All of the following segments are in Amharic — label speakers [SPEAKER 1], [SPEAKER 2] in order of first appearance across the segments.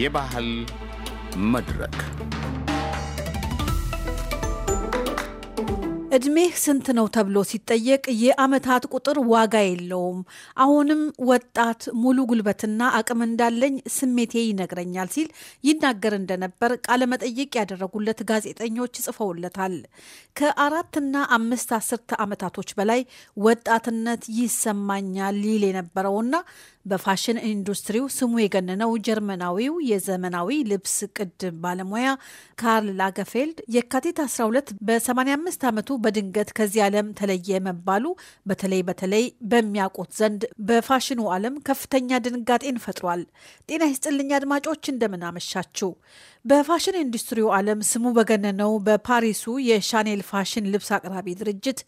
[SPEAKER 1] የባህል መድረክ
[SPEAKER 2] እድሜህ ስንት ነው ተብሎ ሲጠየቅ የአመታት ቁጥር ዋጋ የለውም፣ አሁንም ወጣት ሙሉ ጉልበትና አቅም እንዳለኝ ስሜቴ ይነግረኛል ሲል ይናገር እንደነበር ቃለመጠይቅ ያደረጉለት ጋዜጠኞች ጽፈውለታል። ከአራትና አምስት አስርተ ዓመታቶች በላይ ወጣትነት ይሰማኛል ይል የነበረውና በፋሽን ኢንዱስትሪው ስሙ የገነነው ጀርመናዊው የዘመናዊ ልብስ ቅድ ባለሙያ ካርል ላገፌልድ የካቲት 12 በ85 ዓመቱ በድንገት ከዚህ ዓለም ተለየ መባሉ በተለይ በተለይ በሚያውቁት ዘንድ በፋሽኑ ዓለም ከፍተኛ ድንጋጤን ፈጥሯል። ጤና ይስጥልኝ አድማጮች፣ እንደምን አመሻችሁ። በፋሽን ኢንዱስትሪው ዓለም ስሙ በገነነው በፓሪሱ የሻኔል ፋሽን ልብስ አቅራቢ ድርጅት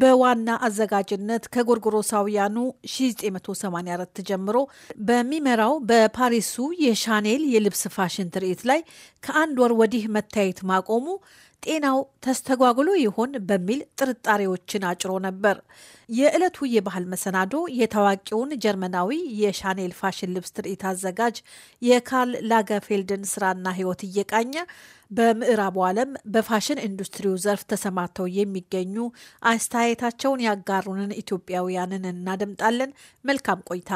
[SPEAKER 2] በዋና አዘጋጅነት ከጎርጎሮሳውያኑ 1984 ጀምሮ ጀምሮ በሚመራው በፓሪሱ የሻኔል የልብስ ፋሽን ትርኢት ላይ ከአንድ ወር ወዲህ መታየት ማቆሙ ጤናው ተስተጓጉሎ ይሆን በሚል ጥርጣሬዎችን አጭሮ ነበር። የዕለቱ የባህል መሰናዶ የታዋቂውን ጀርመናዊ የሻኔል ፋሽን ልብስ ትርኢት አዘጋጅ የካርል ላገፌልድን ስራና ሕይወት እየቃኘ በምዕራቡ ዓለም በፋሽን ኢንዱስትሪው ዘርፍ ተሰማርተው የሚገኙ አስተያየታቸውን ያጋሩንን ኢትዮጵያውያንን እናደምጣለን። መልካም ቆይታ።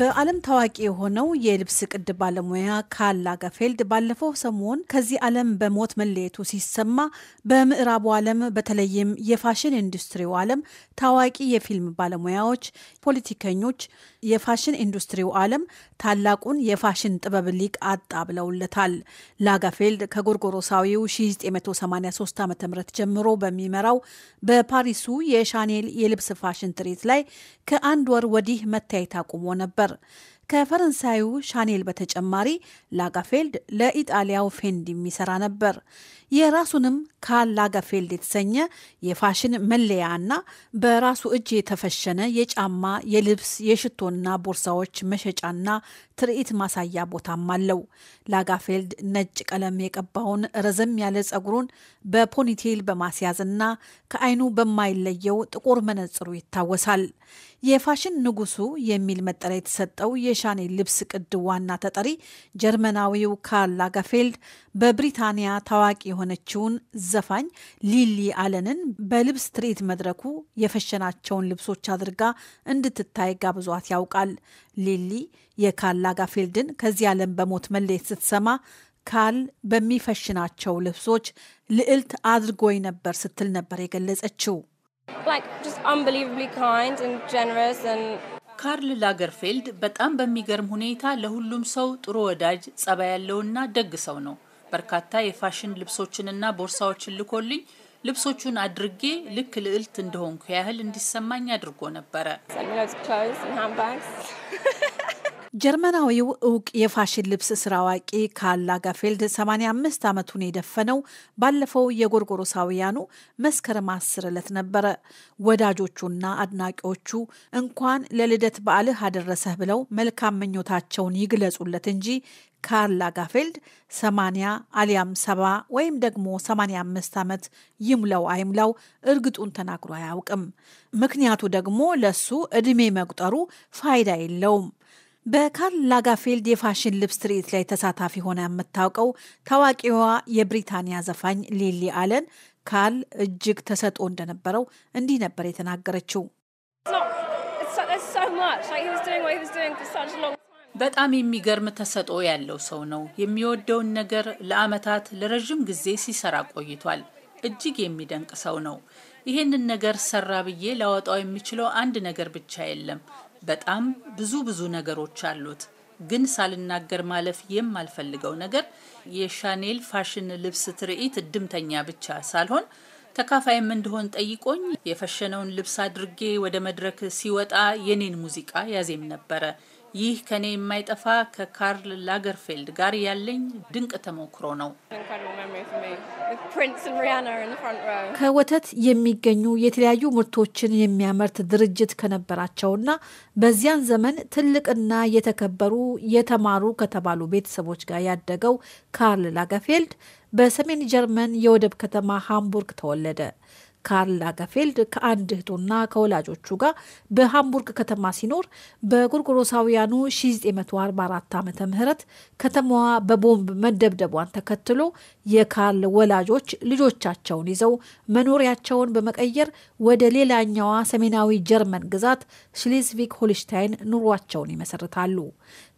[SPEAKER 2] በዓለም ታዋቂ የሆነው የልብስ ቅድ ባለሙያ ካል ላገርፌልድ ባለፈው ሰሞን ከዚህ ዓለም በሞት መለየቱ ሲሰማ በምዕራቡ ዓለም በተለይም የፋሽን ኢንዱስትሪው ዓለም ታዋቂ የፊልም ባለሙያዎች፣ ፖለቲከኞች የፋሽን ኢንዱስትሪው ዓለም ታላቁን የፋሽን ጥበብ ሊቅ አጣ ብለውለታል። ላጋፌልድ ከጎርጎሮሳዊው 1983 ዓ ም ጀምሮ በሚመራው በፓሪሱ የሻኔል የልብስ ፋሽን ትርኢት ላይ ከአንድ ወር ወዲህ መታየት አቁሞ ነበር። ከፈረንሳዩ ሻኔል በተጨማሪ ላጋፌልድ ለኢጣሊያው ፌንድ የሚሰራ ነበር። የራሱንም ካል የተሰኘ የፋሽን መለያና በራሱ እጅ የተፈሸነ የጫማ፣ የልብስ፣ የሽቶና ቦርሳዎች መሸጫና ትርኢት ማሳያ ቦታም አለው። ላጋፌልድ ነጭ ቀለም የቀባውን ረዘም ያለ ጸጉሩን በፖኒቴል በማስያዝና ከዓይኑ በማይለየው ጥቁር መነጽሩ ይታወሳል። የፋሽን ንጉሱ የሚል መጠሪያ የተሰጠው የሻኔ ልብስ ቅድ ዋና ተጠሪ ጀርመናዊው ካርል ላጋፌልድ በብሪታንያ ታዋቂ የሆነችውን ዘፋኝ ሊሊ አለንን በልብስ ትርኢት መድረኩ የፈሸናቸውን ልብሶች አድርጋ እንድትታይ ጋብዟት ያውቃል። ሊሊ የካል ላጋርፊልድን ከዚህ ዓለም በሞት መለየት ስትሰማ ካል በሚፈሽናቸው ልብሶች ልዕልት አድርጎኝ ነበር ስትል ነበር የገለጸችው። ካርል ላገርፌልድ በጣም በሚገርም ሁኔታ ለሁሉም ሰው ጥሩ ወዳጅ፣ ጸባይ ያለውና ደግ ሰው ነው። በርካታ የፋሽን ልብሶችንና ቦርሳዎችን ልኮልኝ ልብሶቹን አድርጌ ልክ ልዕልት እንደሆንኩ ያህል እንዲሰማኝ አድርጎ ነበረ። ጀርመናዊው እውቅ የፋሽን ልብስ ስራ አዋቂ ካላጋ ፌልድ 85 ዓመቱን የደፈነው ባለፈው የጎርጎሮሳውያኑ መስከረም አስር ዕለት ነበረ። ወዳጆቹና አድናቂዎቹ እንኳን ለልደት በዓልህ አደረሰህ ብለው መልካም ምኞታቸውን ይግለጹለት እንጂ ካርላ ጋፌልድ 80 አሊያም 70 ወይም ደግሞ 85 ዓመት ይሙለው አይሙላው እርግጡን ተናግሮ አያውቅም። ምክንያቱ ደግሞ ለሱ ዕድሜ መቁጠሩ ፋይዳ የለውም። በካርል ላጋፌልድ የፋሽን ልብስ ትርኢት ላይ ተሳታፊ ሆነ የምታውቀው ታዋቂዋ የብሪታንያ ዘፋኝ ሊሊ አለን ካርል እጅግ ተሰጦ እንደነበረው እንዲህ ነበር የተናገረችው። በጣም የሚገርም ተሰጦ ያለው ሰው ነው። የሚወደውን ነገር ለአመታት ለረዥም ጊዜ ሲሰራ ቆይቷል። እጅግ የሚደንቅ ሰው ነው። ይህንን ነገር ሰራ ብዬ ላወጣው የሚችለው አንድ ነገር ብቻ የለም። በጣም ብዙ ብዙ ነገሮች አሉት። ግን ሳልናገር ማለፍ የማልፈልገው ነገር የሻኔል ፋሽን ልብስ ትርኢት እድምተኛ ብቻ ሳልሆን ተካፋይም እንደሆን ጠይቆኝ የፈሸነውን ልብስ አድርጌ ወደ መድረክ ሲወጣ የኔን ሙዚቃ ያዜም ነበረ። ይህ ከኔ የማይጠፋ ከካርል ላገርፌልድ ጋር ያለኝ ድንቅ ተሞክሮ ነው። ከወተት የሚገኙ የተለያዩ ምርቶችን የሚያመርት ድርጅት ከነበራቸውና በዚያን ዘመን ትልቅና የተከበሩ የተማሩ ከተባሉ ቤተሰቦች ጋር ያደገው ካርል ላገርፌልድ በሰሜን ጀርመን የወደብ ከተማ ሃምቡርግ ተወለደ። ካርል ገፌልድ ከአንድ እህቱና ከወላጆቹ ጋር በሃምቡርግ ከተማ ሲኖር በጎርጎሮሳውያኑ 1944 ዓ ም ከተማዋ በቦምብ መደብደቧን ተከትሎ የካርል ወላጆች ልጆቻቸውን ይዘው መኖሪያቸውን በመቀየር ወደ ሌላኛዋ ሰሜናዊ ጀርመን ግዛት ሽሌዝቪግ ሆልሽታይን ኑሯቸውን ይመሰርታሉ።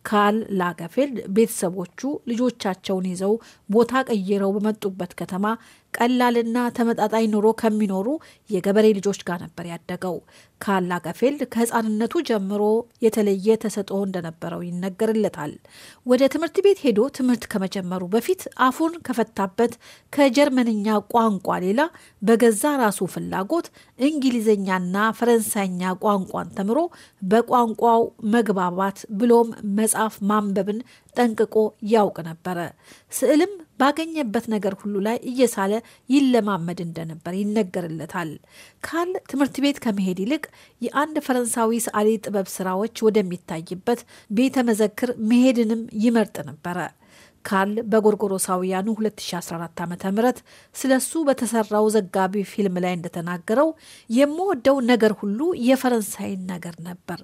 [SPEAKER 2] ካል ላገፌልድ ቤተሰቦቹ ልጆቻቸውን ይዘው ቦታ ቀይረው በመጡበት ከተማ ቀላልና ተመጣጣኝ ኑሮ ከሚኖሩ የገበሬ ልጆች ጋር ነበር ያደገው። ካል ላገፌልድ ከህፃንነቱ ጀምሮ የተለየ ተሰጥኦ እንደነበረው ይነገርለታል። ወደ ትምህርት ቤት ሄዶ ትምህርት ከመጀመሩ በፊት አፉን ከፈታበት ከጀርመንኛ ቋንቋ ሌላ በገዛ ራሱ ፍላጎት እንግሊዝኛና ፈረንሳይኛ ቋንቋን ተምሮ በቋንቋው መግባባት ብሎም መጽሐፍ ማንበብን ጠንቅቆ ያውቅ ነበረ። ስዕልም ባገኘበት ነገር ሁሉ ላይ እየሳለ ይለማመድ እንደነበር ይነገርለታል። ካል ትምህርት ቤት ከመሄድ ይልቅ የአንድ ፈረንሳዊ ሰዓሊ ጥበብ ስራዎች ወደሚታይበት ቤተ መዘክር መሄድንም ይመርጥ ነበረ። ካርል በጎርጎሮሳውያኑ 2014 ዓ ም ስለ እሱ በተሰራው ዘጋቢ ፊልም ላይ እንደተናገረው የምወደው ነገር ሁሉ የፈረንሳይን ነገር ነበር።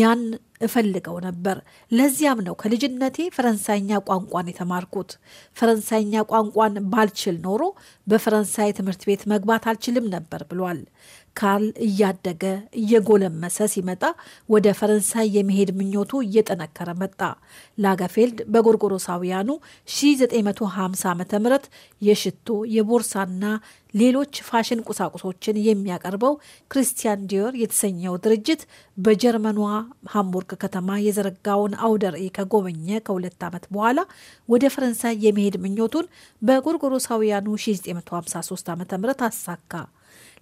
[SPEAKER 2] ያን እፈልገው ነበር። ለዚያም ነው ከልጅነቴ ፈረንሳይኛ ቋንቋን የተማርኩት። ፈረንሳይኛ ቋንቋን ባልችል ኖሮ በፈረንሳይ ትምህርት ቤት መግባት አልችልም ነበር ብሏል። ካርል እያደገ እየጎለመሰ ሲመጣ ወደ ፈረንሳይ የመሄድ ምኞቱ እየጠነከረ መጣ። ላገፌልድ በጎርጎሮሳውያኑ 1950 ዓ ም የሽቶ የቦርሳና ሌሎች ፋሽን ቁሳቁሶችን የሚያቀርበው ክርስቲያን ዲዮር የተሰኘው ድርጅት በጀርመኗ ሃምቡርግ ከተማ የዘረጋውን አውደ ርዕይ ከጎበኘ ከሁለት ዓመት በኋላ ወደ ፈረንሳይ የመሄድ ምኞቱን በጎርጎሮሳውያኑ 1953 ዓ ም አሳካ።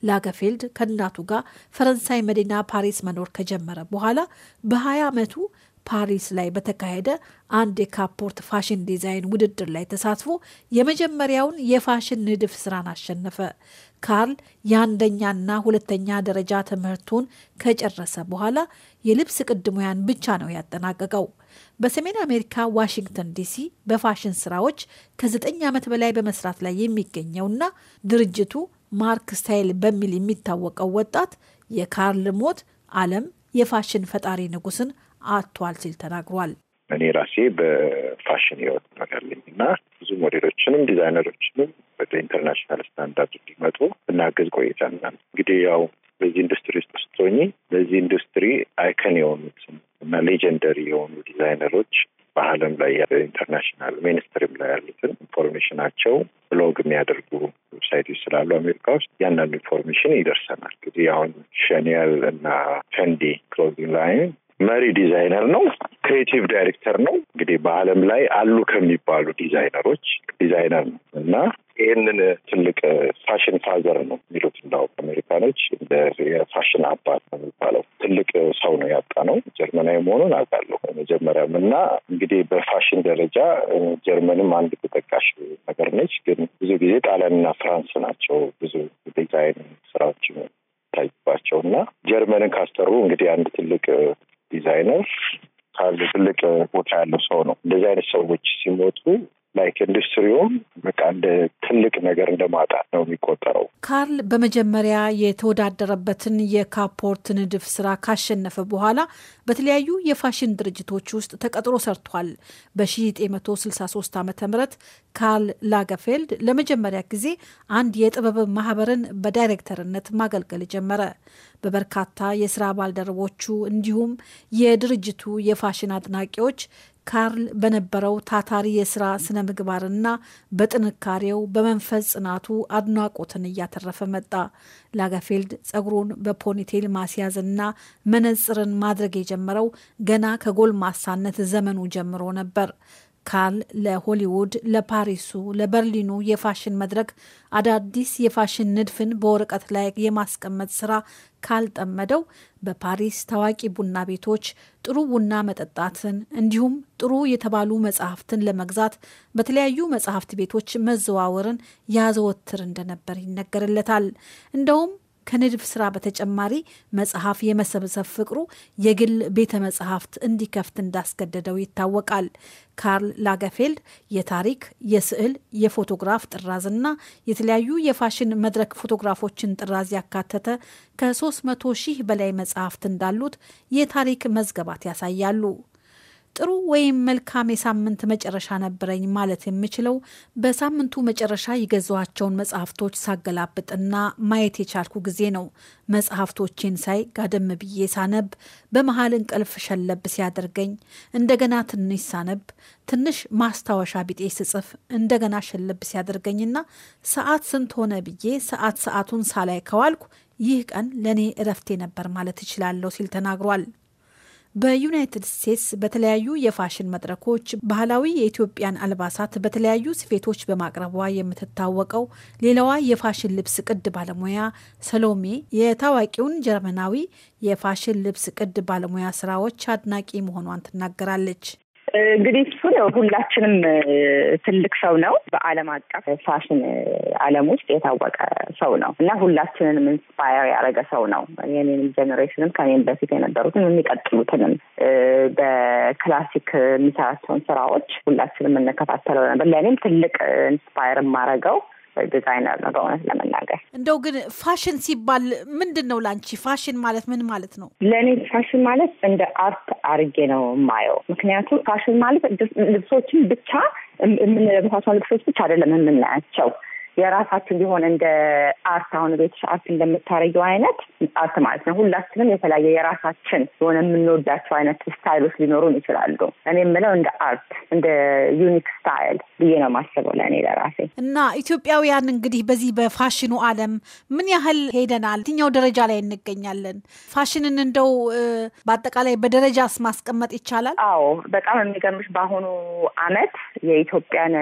[SPEAKER 2] ላገፌልድ ከእናቱ ጋር ፈረንሳይ መዲና ፓሪስ መኖር ከጀመረ በኋላ በ20 ዓመቱ ፓሪስ ላይ በተካሄደ አንድ የካፖርት ፋሽን ዲዛይን ውድድር ላይ ተሳትፎ የመጀመሪያውን የፋሽን ንድፍ ስራን አሸነፈ። ካርል የአንደኛና ሁለተኛ ደረጃ ትምህርቱን ከጨረሰ በኋላ የልብስ ቅድሙያን ብቻ ነው ያጠናቀቀው። በሰሜን አሜሪካ ዋሽንግተን ዲሲ በፋሽን ስራዎች ከዘጠኝ ዓመት በላይ በመስራት ላይ የሚገኘውና ድርጅቱ ማርክ ስታይል በሚል የሚታወቀው ወጣት የካርል ሞት ዓለም የፋሽን ፈጣሪ ንጉስን አጥቷል ሲል ተናግሯል።
[SPEAKER 1] እኔ ራሴ በፋሽን ህይወት ነው ያለኝ እና ብዙ ሞዴሎችንም ዲዛይነሮችንም ወደ ኢንተርናሽናል ስታንዳርድ እንዲመጡ እናገዝ ቆይተናል። እንግዲህ ያው በዚህ ኢንዱስትሪ ውስጥ ስትሆኚ በዚህ ኢንዱስትሪ አይከን የሆኑት እና ሌጀንደሪ የሆኑ ዲዛይነሮች በዓለም ላይ ኢንተርናሽናል ሜንስትሪም ላይ ያሉትን ኢንፎርሜሽናቸው ብሎግ የሚያደርጉ ዌብሳይቶች ስላሉ አሜሪካ ውስጥ ያንዳንዱ ኢንፎርሜሽን ይደርሰናል። እንግዲህ አሁን ሸኒያል እና ፈንዲ ክሎዚንግ ላይን መሪ ዲዛይነር ነው። ክሬቲቭ ዳይሬክተር ነው። እንግዲህ በዓለም ላይ አሉ ከሚባሉ ዲዛይነሮች ዲዛይነር ነው እና ይህንን ትልቅ ፋሽን ፋዘር ነው የሚሉት እንዳው አሜሪካኖች የፋሽን አባት ነው የሚባለው። ትልቅ ሰው ነው ያጣ ነው። ጀርመናዊ መሆኑን አውቃለሁ መጀመሪያም እና እንግዲህ በፋሽን ደረጃ ጀርመንም አንድ ተጠቃሽ ነገር ነች። ግን ብዙ ጊዜ ጣሊያንና ፍራንስ ናቸው ብዙ ዲዛይን ስራዎች ታይባቸው እና ጀርመንን ካስጠሩ እንግዲህ አንድ ትልቅ ዲዛይነር ካለ ትልቅ ቦታ ያለው ሰው ነው። እንደዚህ አይነት ሰዎች ሲሞቱ ላይክ ኢንዱስትሪውም በቃ እንደ ትልቅ ነገር ማጣት ነው የሚቆጠረው።
[SPEAKER 2] ካርል በመጀመሪያ የተወዳደረበትን የካፖርት ንድፍ ስራ ካሸነፈ በኋላ በተለያዩ የፋሽን ድርጅቶች ውስጥ ተቀጥሮ ሰርቷል። በ1963 ዓ ም ካርል ላገፌልድ ለመጀመሪያ ጊዜ አንድ የጥበብ ማህበርን በዳይሬክተርነት ማገልገል ጀመረ። በበርካታ የስራ ባልደረቦቹ እንዲሁም የድርጅቱ የፋሽን አድናቂዎች ካርል በነበረው ታታሪ የስራ ስነ ምግባርና በጥንካሬው በመንፈስ ጽናቱ አድናቆትን እያተረፈ መጣ። ላገፌልድ ጸጉሩን በፖኒቴል ማስያዝና መነጽርን ማድረግ የጀመረው ገና ከጎልማሳነት ዘመኑ ጀምሮ ነበር። ካን ለሆሊውድ፣ ለፓሪሱ፣ ለበርሊኑ የፋሽን መድረክ አዳዲስ የፋሽን ንድፍን በወረቀት ላይ የማስቀመጥ ስራ ካልጠመደው በፓሪስ ታዋቂ ቡና ቤቶች ጥሩ ቡና መጠጣትን እንዲሁም ጥሩ የተባሉ መጽሐፍትን ለመግዛት በተለያዩ መጽሐፍት ቤቶች መዘዋወርን ያዘወትር እንደነበር ይነገርለታል። እንደውም ከንድፍ ስራ በተጨማሪ መጽሐፍ የመሰብሰብ ፍቅሩ የግል ቤተ መጽሐፍት እንዲከፍት እንዳስገደደው ይታወቃል። ካርል ላገፌልድ የታሪክ፣ የስዕል፣ የፎቶግራፍ ጥራዝና የተለያዩ የፋሽን መድረክ ፎቶግራፎችን ጥራዝ ያካተተ ከ300 ሺህ በላይ መጽሐፍት እንዳሉት የታሪክ መዝገባት ያሳያሉ። ጥሩ ወይም መልካም የሳምንት መጨረሻ ነበረኝ ማለት የምችለው በሳምንቱ መጨረሻ የገዛኋቸውን መጽሐፍቶች ሳገላብጥና ማየት የቻልኩ ጊዜ ነው። መጽሐፍቶቼን ሳይ ጋደም ብዬ ሳነብ፣ በመሀል እንቅልፍ ሸለብ ሲያደርገኝ እንደገና ትንሽ ሳነብ፣ ትንሽ ማስታወሻ ቢጤ ስጽፍ እንደገና ሸለብ ሲያደርገኝና ሰዓት ስንት ሆነ ብዬ ሰዓት ሰዓቱን ሳላይ ከዋልኩ ይህ ቀን ለእኔ እረፍቴ ነበር ማለት እችላለሁ ሲል ተናግሯል። በዩናይትድ ስቴትስ በተለያዩ የፋሽን መድረኮች ባህላዊ የኢትዮጵያን አልባሳት በተለያዩ ስፌቶች በማቅረቧ የምትታወቀው ሌላዋ የፋሽን ልብስ ቅድ ባለሙያ ሰሎሜ የታዋቂውን ጀርመናዊ የፋሽን ልብስ ቅድ ባለሙያ ስራዎች አድናቂ መሆኗን ትናገራለች።
[SPEAKER 3] እንግዲህ እሱን ሁላችንም ትልቅ ሰው ነው። በዓለም አቀፍ ፋሽን ዓለም ውስጥ የታወቀ ሰው ነው እና ሁላችንንም ኢንስፓየር ያደረገ ሰው ነው። የኔን ጀኔሬሽንም ከኔን በፊት የነበሩትን የሚቀጥሉትንም በክላሲክ የሚሰራቸውን ስራዎች ሁላችንም እንከታተለው ነበር። ለእኔም ትልቅ ኢንስፓየር የማደርገው ዲዛይነር ነው በእውነት ለመናገር።
[SPEAKER 2] እንደው ግን ፋሽን ሲባል ምንድን ነው ለአንቺ? ፋሽን ማለት ምን ማለት ነው?
[SPEAKER 3] ለእኔ ፋሽን ማለት እንደ አርት አርጌ ነው የማየው። ምክንያቱም ፋሽን ማለት ልብሶችን ብቻ የምንለብሳቸውን ልብሶች ብቻ አይደለም የምናያቸው የራሳችን ቢሆን እንደ አርት አሁን ቤትሽ አርት እንደምታረየው አይነት አርት ማለት ነው። ሁላችንም የተለያየ የራሳችን የሆነ የምንወዳቸው አይነት ስታይሎች ሊኖሩን ይችላሉ። እኔ የምለው እንደ አርት እንደ ዩኒክ ስታይል ብዬ ነው ማስበው ለእኔ ለራሴ
[SPEAKER 2] እና ኢትዮጵያውያን እንግዲህ በዚህ በፋሽኑ ዓለም ምን ያህል ሄደናል? የትኛው ደረጃ ላይ እንገኛለን? ፋሽንን እንደው በአጠቃላይ በደረጃስ ማስቀመጥ ይቻላል?
[SPEAKER 3] አዎ በጣም የሚገርምሽ በአሁኑ አመት የኢትዮጵያን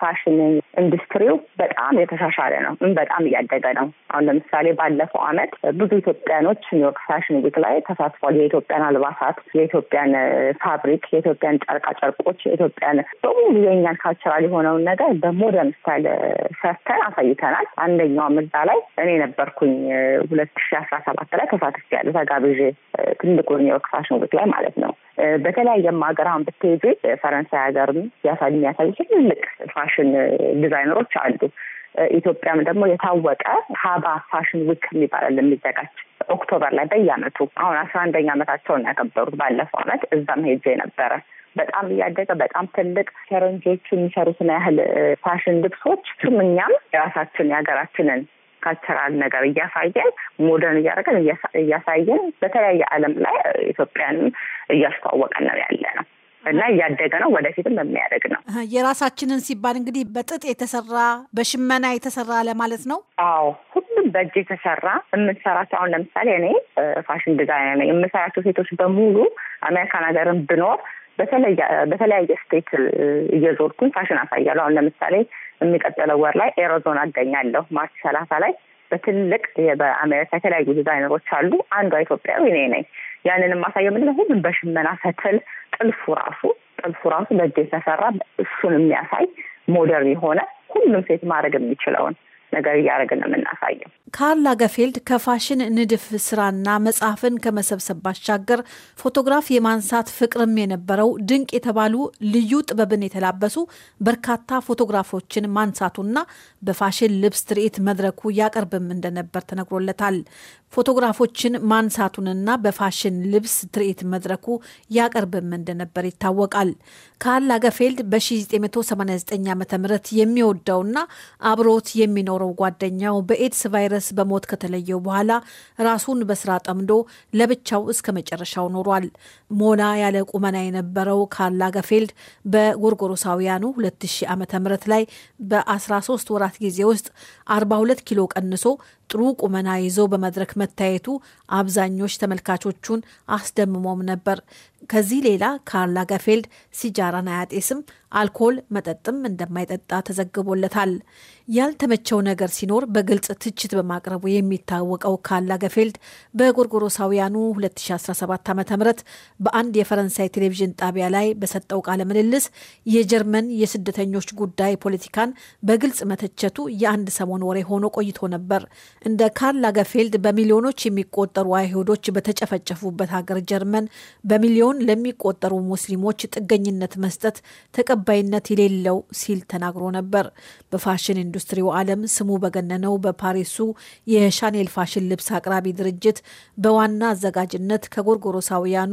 [SPEAKER 3] ፋሽን ኢንዱስትሪው በጣም የተሻሻለ ነው። በጣም እያደገ ነው። አሁን ለምሳሌ ባለፈው ዓመት ብዙ ኢትዮጵያኖች ኒውዮርክ ፋሽን ዊክ ላይ ተሳትፏል። የኢትዮጵያን አልባሳት፣ የኢትዮጵያን ፋብሪክ፣ የኢትዮጵያን ጨርቃ ጨርቆች፣ የኢትዮጵያን በሙሉ የኛን ካልቸራል የሆነውን ነገር በሞደርን ስታይል ሰርተን አሳይተናል። አንደኛው ምዛ ላይ እኔ ነበርኩኝ ሁለት ሺ አስራ ሰባት ላይ ተሳትፍ ያለ ተጋብዤ ትልቁ ኒውዮርክ ፋሽን ዊክ ላይ ማለት ነው በተለያየም ሀገር አሁን ብትሄጂ ፈረንሳይ ያሳ የሚያሳዩ ትልልቅ ፋሽን ዲዛይነሮች አሉ። ኢትዮጵያም ደግሞ የታወቀ ሀባ ፋሽን ዊክ የሚባላል የሚዘጋጅ ኦክቶበር ላይ በየአመቱ አሁን አስራ አንደኛ አመታቸውን ያከበሩት ባለፈው አመት እዛም ሄጄ ነበረ። በጣም እያደገ በጣም ትልቅ ፈረንጆቹ የሚሰሩትን ያህል ፋሽን ልብሶች እኛም የራሳችን የሀገራችንን ካልቸራል ነገር እያሳየን ሞደርን እያደረገን እያሳየን በተለያየ ዓለም ላይ ኢትዮጵያን እያስተዋወቀን ነው ያለ ነው እና እያደገ ነው። ወደፊትም የሚያደግ ነው።
[SPEAKER 2] የራሳችንን ሲባል እንግዲህ በጥጥ የተሰራ በሽመና የተሰራ ለማለት ነው። አዎ ሁሉም
[SPEAKER 3] በእጅ የተሰራ የምንሰራቸው አሁን ለምሳሌ እኔ ፋሽን ዲዛይነር ነኝ። የምሰራቸው ሴቶች በሙሉ አሜሪካን ሀገርን ብኖር በተለያየ ስቴት እየዞርኩኝ ፋሽን አሳያለሁ። አሁን ለምሳሌ የሚቀጥለው ወር ላይ ኤሮዞን አገኛለሁ ማርች ሰላሳ ላይ በትልቅ በአሜሪካ የተለያዩ ዲዛይነሮች አሉ። አንዷ ኢትዮጵያዊ እኔ ነኝ። ያንን የማሳየው ምንድነው ሁሉም በሽመና ፈትል ጥልፉ ራሱ ጥልፉ ራሱ በእጅ የተሰራ እሱን የሚያሳይ ሞደርን የሆነ ሁሉም ሴት ማድረግ የሚችለውን ነገር እያደረግን የምናሳየው።
[SPEAKER 2] ካርላ ገፌልድ ከፋሽን ንድፍ ስራና መጽሐፍን ከመሰብሰብ ባሻገር ፎቶግራፍ የማንሳት ፍቅርም የነበረው ድንቅ የተባሉ ልዩ ጥበብን የተላበሱ በርካታ ፎቶግራፎችን ማንሳቱና በፋሽን ልብስ ትርኢት መድረኩ ያቀርብም እንደነበር ተነግሮለታል። ፎቶግራፎችን ማንሳቱንና በፋሽን ልብስ ትርኢት መድረኩ ያቀርብም እንደነበር ይታወቃል። ካርል ላገርፌልድ በ1989 ዓ ም የሚወደውና አብሮት የሚኖረው ጓደኛው በኤድስ ቫይረስ በሞት ከተለየው በኋላ ራሱን በስራ ጠምዶ ለብቻው እስከ መጨረሻው ኖሯል። ሞላ ያለ ቁመና የነበረው ካርል ላገርፌልድ በጎርጎሮሳውያኑ 2000 ዓ ም ላይ በ13 ወራት ጊዜ ውስጥ 42 ኪሎ ቀንሶ ጥሩ ቁመና ይዞ በመድረክ መታየቱ አብዛኞች ተመልካቾቹን አስደምሞም ነበር። ከዚህ ሌላ ካርላ ገፌልድ ሲጃራን አያጤስም፣ አልኮል መጠጥም እንደማይጠጣ ተዘግቦለታል። ያልተመቸው ነገር ሲኖር በግልጽ ትችት በማቅረቡ የሚታወቀው ካላ ገፌልድ በጎርጎሮሳውያኑ 2017 ዓ ም በአንድ የፈረንሳይ ቴሌቪዥን ጣቢያ ላይ በሰጠው ቃለ ምልልስ የጀርመን የስደተኞች ጉዳይ ፖለቲካን በግልጽ መተቸቱ የአንድ ሰሞን ወሬ ሆኖ ቆይቶ ነበር። እንደ ካርላ ገፌልድ በሚሊዮኖች የሚቆጠሩ አይሁዶች በተጨፈጨፉበት ሀገር ጀርመን በሚሊዮን ለሚቆጠሩ ሙስሊሞች ጥገኝነት መስጠት ተቀ ተቀባይነት የሌለው ሲል ተናግሮ ነበር። በፋሽን ኢንዱስትሪው ዓለም ስሙ በገነነው በፓሪሱ የሻኔል ፋሽን ልብስ አቅራቢ ድርጅት በዋና አዘጋጅነት ከጎርጎሮሳውያኑ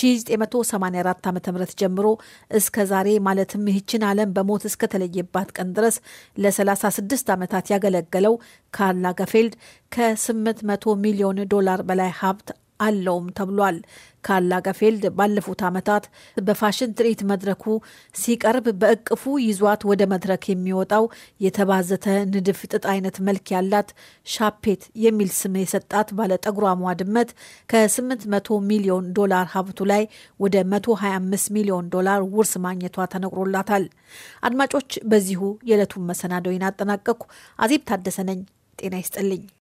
[SPEAKER 2] 1984 ዓ ም ጀምሮ እስከ ዛሬ ማለትም ይህችን ዓለም በሞት እስከተለየባት ቀን ድረስ ለ36 ዓመታት ያገለገለው ካርል ላገርፌልድ ከ800 ሚሊዮን ዶላር በላይ ሀብት አለውም ተብሏል። ካላገፌልድ ባለፉት ዓመታት በፋሽን ትርኢት መድረኩ ሲቀርብ በእቅፉ ይዟት ወደ መድረክ የሚወጣው የተባዘተ ንድፍ ጥጥ አይነት መልክ ያላት ሻፔት የሚል ስም የሰጣት ባለጠጉራሟ ድመት ከ800 ሚሊዮን ዶላር ሀብቱ ላይ ወደ 125 ሚሊዮን ዶላር ውርስ ማግኘቷ ተነግሮላታል። አድማጮች፣ በዚሁ የዕለቱን መሰናዶይን አጠናቀቅኩ። አዜብ ታደሰ ነኝ። ጤና ይስጥልኝ።